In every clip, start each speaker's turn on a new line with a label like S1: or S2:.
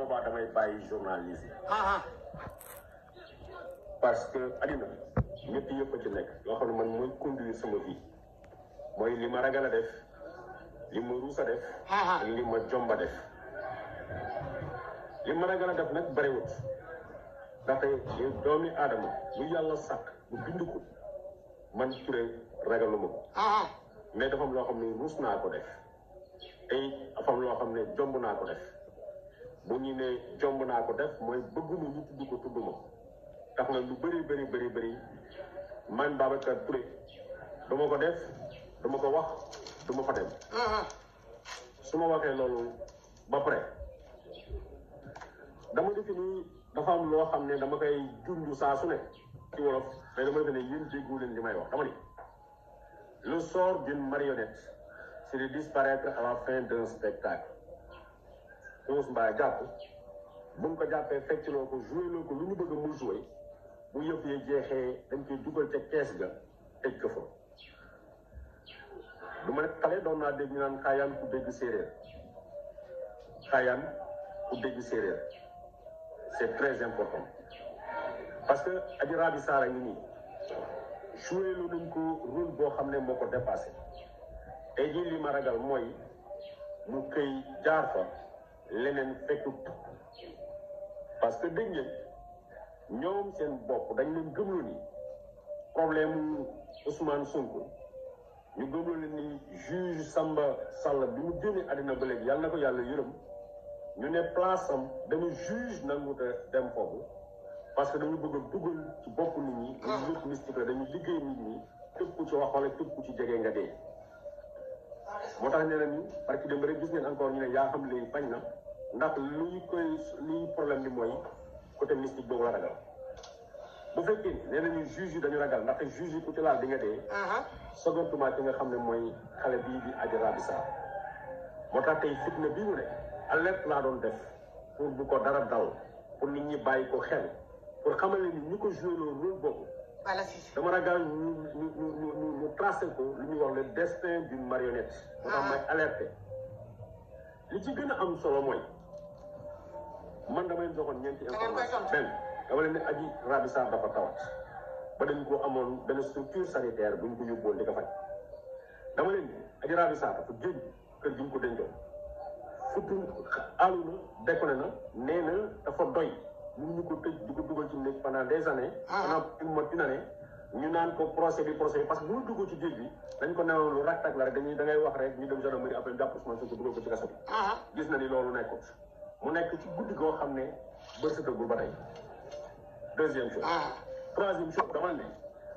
S1: boobaa damay bàyyi journalisme ah, ah. parce que àddina ñett yëpp a ci nekk loo xam ne man mooy conduire sama bii mooy li ma a def li ma a def ah, ak ma jomba def li ma ragal a def nag bëriwut ndaxte li doomi aadama mu yàlla sàkk lu bind ko man Touré ragaluma ko mais dafa loo xam ne ruus naa ko def tey dafa loo xam ne jomb naa ko def bu ñu ne jomb naa ko def mooy bëgguma ñu tudd ko tudd ma tax na lu bëri bëri bëri bëri man Babacar Touré duma ko def duma ko wax duma fa dem ah, ah. su ma waxee loolu ba pare dama defe dafa am loo xam ne dama koy jundu saa su ne ci wolof te dama defe ne yéen leen li may wax dama ni le sort d'une marionnette c'est de disparaître à la fin d'un spectacle onze mbaa jàpp bu ñu ko jàppee feccloo ko ko lu ñu bëgg mu joué bu yëf yee jeexee dañ koy dugal ca kees ga tëj ko fa du ma xale doon naa dégg ñu naan xaayaan ku dégg séeréer xaayaan ku dégg séeréer c'est très important parce que Adji Raby Sarr a ngi nii joué lu nañ ko rôle boo xam ne moo ko dépassé tey ma ragal mooy mu këy jaar fa leneen fekkut parce que dégg ngeen ñoom seen bopp dañ leen gëmloo ni problème Ousmane Sonko ñu gëmloo leen juge Samba Sall bi mu génnee àddina ba léegi yàlla na ko yàlla yërëm ñu ne place am dañu juge nanguta dem foofu parce que dañu bëgg a dugal ci bopp nit ñi. Ah. ñu yëpp mystique la dañu liggéey nit ñi képp ku ci wax wala képp ci jege nga dee. moo tax nee nañu parce que dem rek encore ñu ne yaa xam léegi bañ na ndax li koy li problème bi mooy côté mystique boobu la ragal bu fekkee nee nañu juge yi dañu ragal ndax juge yi ku ci laal di nga dee. secondement ki nga xam ne mooy xale bi di Adji Raby moo tax tey fitna bii mu ne alerte laa doon def pour bu ko dara dal pour nit ñi bàyyi ko xel pour xamal ni ñu ko joué loolu boobu. dama ragal ñu ñu ñu ñu tracé ko lu ñuy wax le destin d'une marionnette. moo tax may ah. alerté li ci gën a am solo mooy man dama leen joxoon ñeenti information benn dama leen ne Adji Raby Sarr dafa tawat ba dañ ko amoon benn structure sanitaire bu ñu ko yóbboon di ko faj dama leen Adji Raby dafa génn kër gi ñu ko dencoon futu àllu na décollé na nee na dafa doy mun ñu ko tëj di ko dugal ci nekk pendant des années ah. pendant une année ñu naan ko procès bi procès bi parce que bu ñu dugg ci géej gi dañ ko newoon lu rak la rek dañuy da ngay wax rek ñu dem gendarmerie après jàpp Ousmane Sonko dugal ko ci kaso ah. gis na ni loolu nekkoon mu nekk ci guddi goo xam ne bët ba tey deuxième chose ah. troisième chose dama ne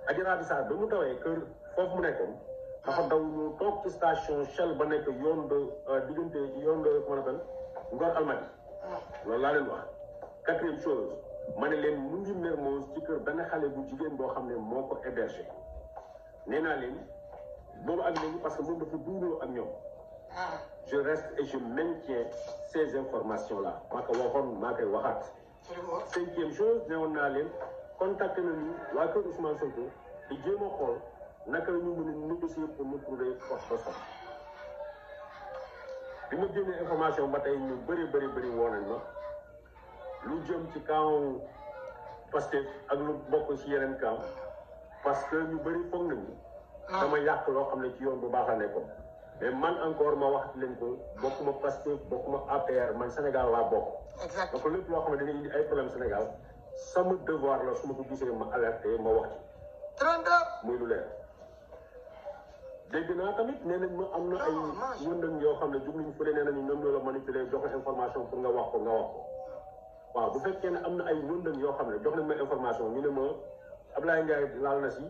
S1: Adji Raby saa ba mu tawee kër foofu mu nekkoon dafa ah. daw ñu toog ci station Shell ba nekk yoon de euh, diggante yoon de comment on appelle Ngor loolu laa leen wax quatrième chose ma ne leen mu ngi Mermoz ci kër benn xale bu jigéen boo xam ne moo ko hébergé nee naa leen boobu ak léegi parce que moom dafa duuroo ak ñoom. Ah. je reste et je maintiens ces informations là maa ko waxoon maa koy waxaat. cinquième chose ne woon naa leen contacté nañu waa kër Ousmane Sonko di jéem a xool naka la ñu mën a négocier pour mu trouver force de somme bi ma génnee information ba tey ñu bëri bëri bëri woo nañ ma. jëm ci kaw Pastef ak lu bokk ci yeneen kaw parce que ñu bëri foog nañu ah. dama yàq loo xam ne ci yoon bu baax la nekkoon mais man encore ma wax leen ko bokkuma Pastef bokkuma APR man Sénégal laa bokk donc lépp loo xam ne dañuy indi ay problème Sénégal sama devoir la su ko gisee ma alerté ma wax ci muy lu leer dégg naa tamit nee nañ ma am na ay wëndëm ah, yoo xam ne fële nee nañu ñoom ñoo la joxe information pour nga wax ko nga wax ko waaw bu fekkee ne am na ay lëndëm yoo xam ne jox nañ ma information ñu ne ma Ablaye Ndiaye laal na si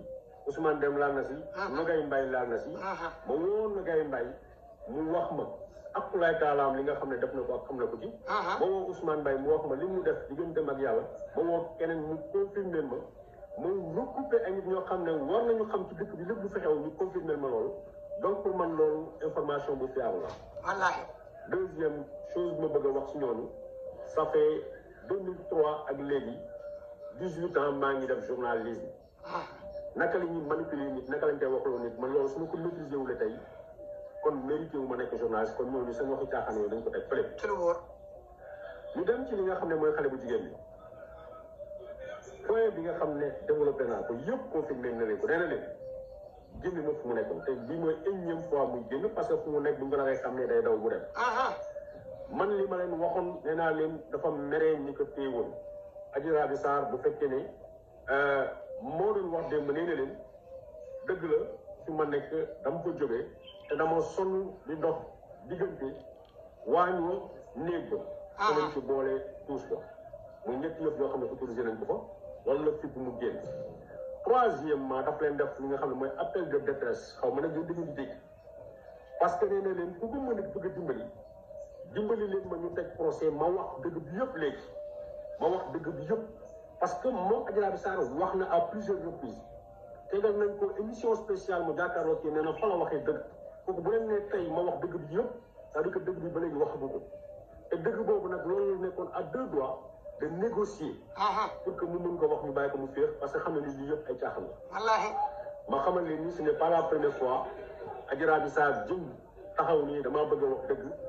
S1: Ousmane dem laal na si. Ah, ah. Nogay Mbaye laal na si. Ah, ma wóor Nogay Mbaye mu wax ma ak kulaay taalaam li nga xam ne def na ko ak xam na ko ci. ma woo Ousmane Mbaye mu wax ma li mu def digganteem ak yàlla ma woo keneen mu confirmer ma ma recoupé ay nit ñoo xam ne war nañu xam ci dëkk bi lépp lu fi xew ñu confirmer ma loolu donc pour man loolu information bu fiable la. wallaahi. deuxième chose ma 2003 ak léegi 18 ans maa ngi def journalisme ah. naka la ñuy manipuler nit naka lañ koy waxloo nit man loolu su ma ko maîtriser tey kon mérité wu ma nekk journaliste kon ñooñu bi waxu caaxaan yooyu dañ ko teg fële. ñu dem ci li nga xam ne mooy xale bu jigéen bi point bi nga xam ne développé naa ko yëpp confirmé na leen ko nee na leen génn fu mu nekkoon te bii mooy énième fois muy génn parce que fu mu nekk bu ñu ko la xam ne day daw mu dem. Ah, ah. man li ma leen waxoon nee naa leen dafa meree ñi ko téewoon Adji Raby Sarr bu fekkee ne euh, moo doon wax démb ba na leen dëgg la fi ma nekk dama ko jóge te dama sonn di dox diggante waañu néeg ba ah. danañ ci boole tuus ba muy ñetti yëpp yoo xam ne autorisé nañ ko fa wala la fibb mu génn troisièmement daf leen def li nga xam ne mooy appel de détresse xaw ma nag ñu dañuy dégg parce que nee na leen ku ko mën a bëgg a dimbali dimbali leen ma ñu teg procès ma wax dëgg bi yëpp léegi ma wax dëgg bi yëpp parce que moom Adji bi Sarr wax na à plusieurs reprises tegal nañ ko émission spéciale mu Dakar ok nee na fa la waxee dëgg kooku bu leen nee tey ma wax dëgg bi yëpp c'est-à-dire que dëgg bi ba léegi waxagu ko te dëgg boobu nag loolu la nekkoon à deux doigts de négocier. Ah, ah. pour que mu mën ko wax mu bàyyi ko mu féex parce que xam na ni lii yëpp ay caaxaan la. wallaahi ma xamal leen ni ce n'est pas la première fois Adji bi Sarr jëm taxaw nii damaa bëgg a wax dëgg.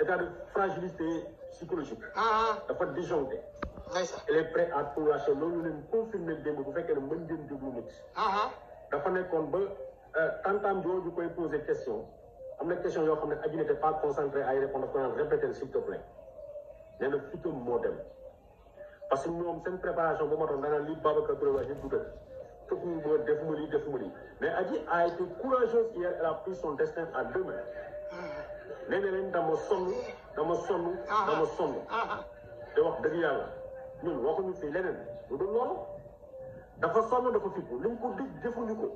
S1: état de fragilité psychologique. Ah, ah. dafa disjoncté. il est prêt à tout lâcher loolu avons confirmé faire bu fekkee ne de ngeen déglu nit. Ah, dafa nekkoon ba euh, tantam jooju koy poser question am na question yoo xam ne aji n'était pas concentré à y répondre dafa naan répéter s'il te plaît nee na fitam moo dem parce que ñoom une préparation ba ma doon danaan li Babacar Touré wax yëpp du dëgg foofu def ma def ma mais aji a été courageuse hier elle a pris son destin à deux mains. léegi leen dama sonn dama sonn dama sonn te wax dëgg yàlla ñun waxuñu leneen lu dafa sonn dafa fippu li mu ko dëj defuñu ko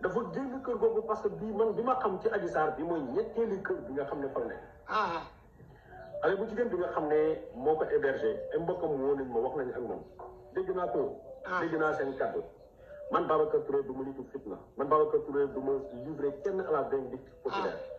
S1: dafa génn kër googu parce que bii man bi ma xam ci Adji Sarr bi mooy ñetteeli kër bi nga xam ne fa nekk xale bi nga xam ne moo ko hébergé ay mbokkam woo ma wax nañ ak moom dégg naa ko dégg naa seen kàddu man Babacar Touré du ma nitu fitna man Babacar Touré du ma livré kenn à la vindicte populaire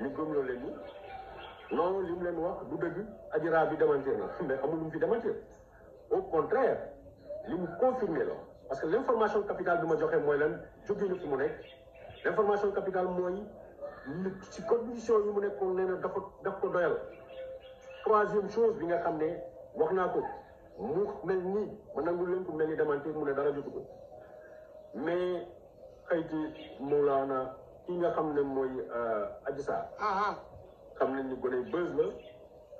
S1: ñu gëmloo leen ni non li mu leen wax du dëgg ajira bi démentir na mais amul lu mu fi démentir au contraire li mu confirmé la parce que l' information capitale bi ma joxe mooy lan jóge na fi mu nekk l' information capitale mooy lu ci condition yi mu nekkoon nee na dafa daf ko doyal troisième chose bi nga xam ne wax naa ko mu mel nii ma nangu leen ko mel ni démentir mu ne dara jotu ko mais xëy ci Mawlaana ki nga xam ne mooy euh, Adji Sarr ah, ah. xam nañ ni gone bës la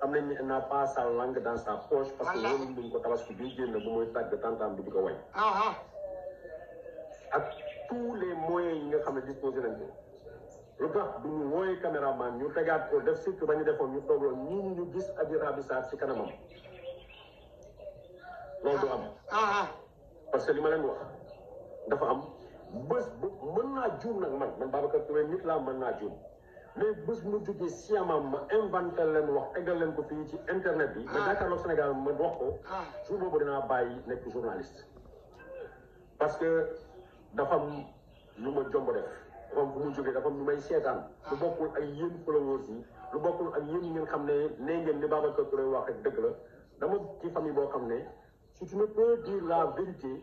S1: xam nañ ni elle n'a pas sa langue dans sa poche parce que loolu luñ ko tabaski bi génn bu mooy tàgg tantam bi di ko wañ ah, ak tous les moyens yi nga xam ne disposé nañ ko lu tax du ñu wooyee caméraman ñu tegaat ko def surtout ba ñu defoon ñu toogoon ñii ñu gis Adji Raby Sarr ci kanamam loolu du am parce que li ma leen wax dafa am bés bu mën naa juum nag man man Babacar Touré nit laa mën naa juum mais bés mu jógee siamam ma inventé leen wax eggal leen ko fii ci internet bi. ma ah. jàkkaarloog Sénégal ma wax ko. Ah. jour boobu dinaa bàyyi nekk journaliste. parce que dafa am lu ma jomb def dafa am mu jógee dafa am may seetaan. lu ah. bokkul ak yéen followers lu bokkul ak yéen ñi ngeen xam ne nee ngeen ni Babacar Touré wax rek dëgg la dama ci famille boo xam ne si tu ne peux la vérité.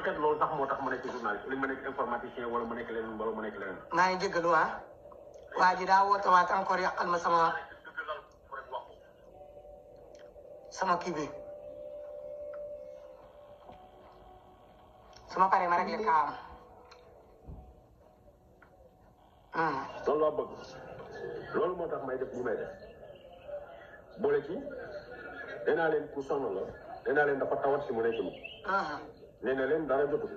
S1: peut-être loolu sax moo tax ma nekk li ma informaticien wala ma nekk nah, leneen wala ma nekk leneen. maa ngi jégalu ah. waa ma kan sama sama kii bi su ma rek li kaam. loolu laa bëgg loolu moo may def li may def ci ku la dafa tawat mu nekk nee na leen dara jotul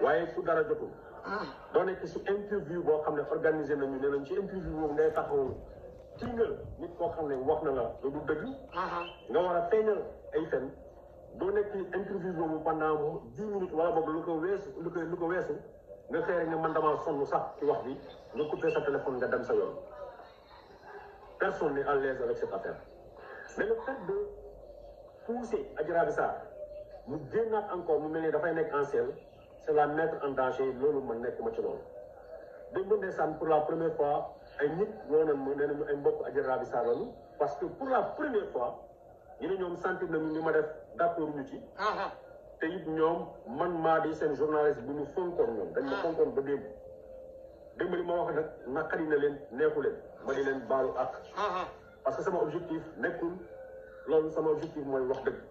S1: waaye su dara jotul. Ah. doo nekk su interview boo xam ne organisé nañu ne nañ ci interview boobu ngay taxaw ci nit koo xam ne wax na la lu du dëgg. Ah. nga war a feeñal ay fen doo nekk interview boobu pendant dix minutes wala boobu lu ko weesu lu ko ko weesu nga xëy rek ne man damaa sonn sax ci wax bi nga coupé sa téléphone nga dem sa yoon. personne n'est à l'aise avec cette affaire mais le fait de pousser Adji mu génnaat encore mu mel ni dafay nekk en selle c'est la mettre en danger loolu man nekk ma ci loolu dañ ko ndeysaan pour la première fois ay nit woo nañ ma nee nañu ay mbokk aji rabi sarr parce que pour la première fois ñu ne ñoom sentir nañu li ma def d'accord ñu ci te it ñoom man maa di seen journaliste bu ñu fonkoon ñoom dañ ma ah. fonkoon ba démb démb li ma wax nag naqari na leen neexu leen ma di leen baalu ak parce que sama objectif nekkul loolu sama objectif mooy wax dëgg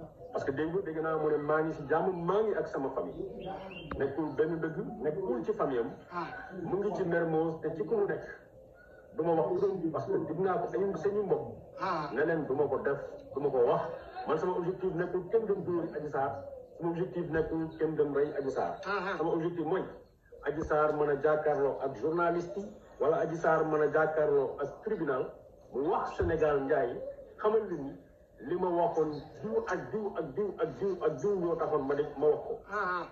S1: parce que dégg dégg naa mu ne maa ngi si jàmm maa ngi ak sama famille nekkul benn dëgg nekkul ci famille am mu ngi ci Mermoz te ci ku nekk du ma wax parce que dig naa ko sañu sañu mbokk leneen ma ko def du ma ko wax man sama objectif nekkul kenn dem dóori Adji Sarr sama objectif nekkul rey Adji Sarr sama objectif mooy Adji Sarr mën a jàkkaarloo ak journaliste yi wala Adji Sarr mën a jàkkaarloo ak tribunal mu wax Sénégal njaay xamal li ni li ma waxoon diw ak diw ak diw ak diw ak taxoon ma de ma wax ko. Ah, ah.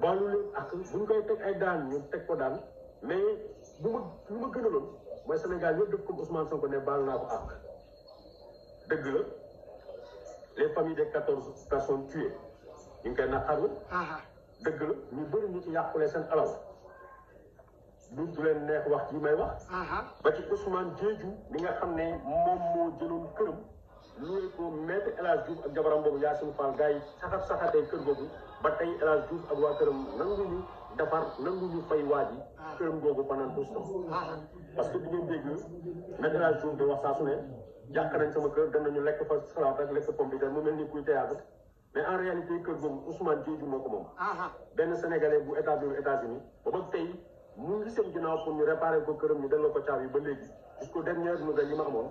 S1: baalu leen ak bu ñu koy teg ay daan ñu teg ko daan mais bu ma lu ma gënaloon mooy Sénégal yëpp def comme Ousmane Sonko ne baal naa ko àq. dëgg la les familles des quatorze personnes tuées ñu ngi koy naqarlu. Ah, dëgg la ñu bëri ñu ci yàqule seen alal. lu du leen neex wax ji may wax. ba ci Ousmane Diédhiou mi nga xam ne moom moo jëloon këram. luwee ko maître El Hadj Diouf ak jabaram boobu Yacine Fall gars yi saxat saxatee kër googu ba tey El Hadj Diouf ak waa këram nanguñu defar nanguñu fay waaj yi këram googu pendant tout ce parce que bu ngeen dégg maître El Hadj di wax saa su ne yàq nañ sama kër dem nañu lekk fa salaat ak lekk pomme bi mu mel ni kuy théâtre mais en réalité kër googu Ousmane Diédhiou moo ko moom benn sénégalais bu établir États-Unis ba ba tey mu ngi seen ginnaaw pour ñu réparer ko ba léegi jusqu'au dernier ma amoon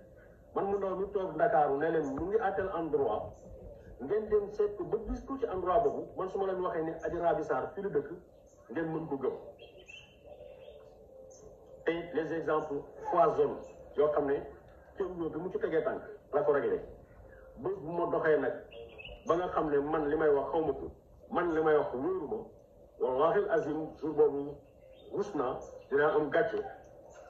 S1: man mu ndaw mi toog Ndakaaru ne leen mu ngi àttel endroit ngeen dem seet ko ba gis ko ci endroit boobu man su ma leen waxee ni Adji Raby Sarr fi lu dëkk ngeen mën ko gëm te les exemples foisonnent yoo xam ne kéem ñoo bi mu ci tegee tànk la ko réglé bés bu ma doxee nag ba nga xam ne man li may wax xaw ma ko man li may wax wóoru ma wallaahi azim jour boobu rus naa dinaa am gàcce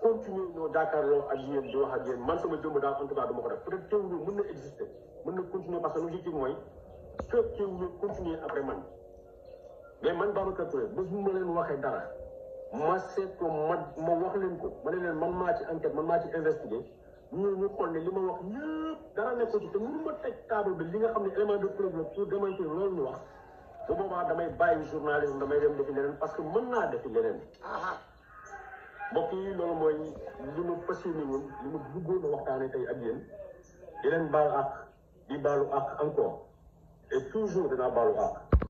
S1: continuer ñoo jàkkaarloo ak yéen di wax ak yéen man sama jëmm daal en tout cas du ma ko def peut être teewlu mën na exister mën na continuer parce que l'objectif mooy que teewlu continuer après man mais man Babacar Touré bés bu ma leen waxee dara ma seet ko ma ma wax leen ko ma ne leen man maa ci enquête man maa ci investiguer ñu ñu xool ne li ma wax yëpp dara nekkoo ci te mënu ma teg table bi li nga xam ne élément de preuve la pour démentir loolu ñu wax bu boobaa damay bàyyi journalisme damay dem defi leneen parce que mën naa defi leneen ah, ah. bokk yi loolu mooy li ma fas yéene woon li ma bëggoon a waxtaanee tey ak yéen di leen baalu àq di baalu àq encore et toujours dinaa baalu àq.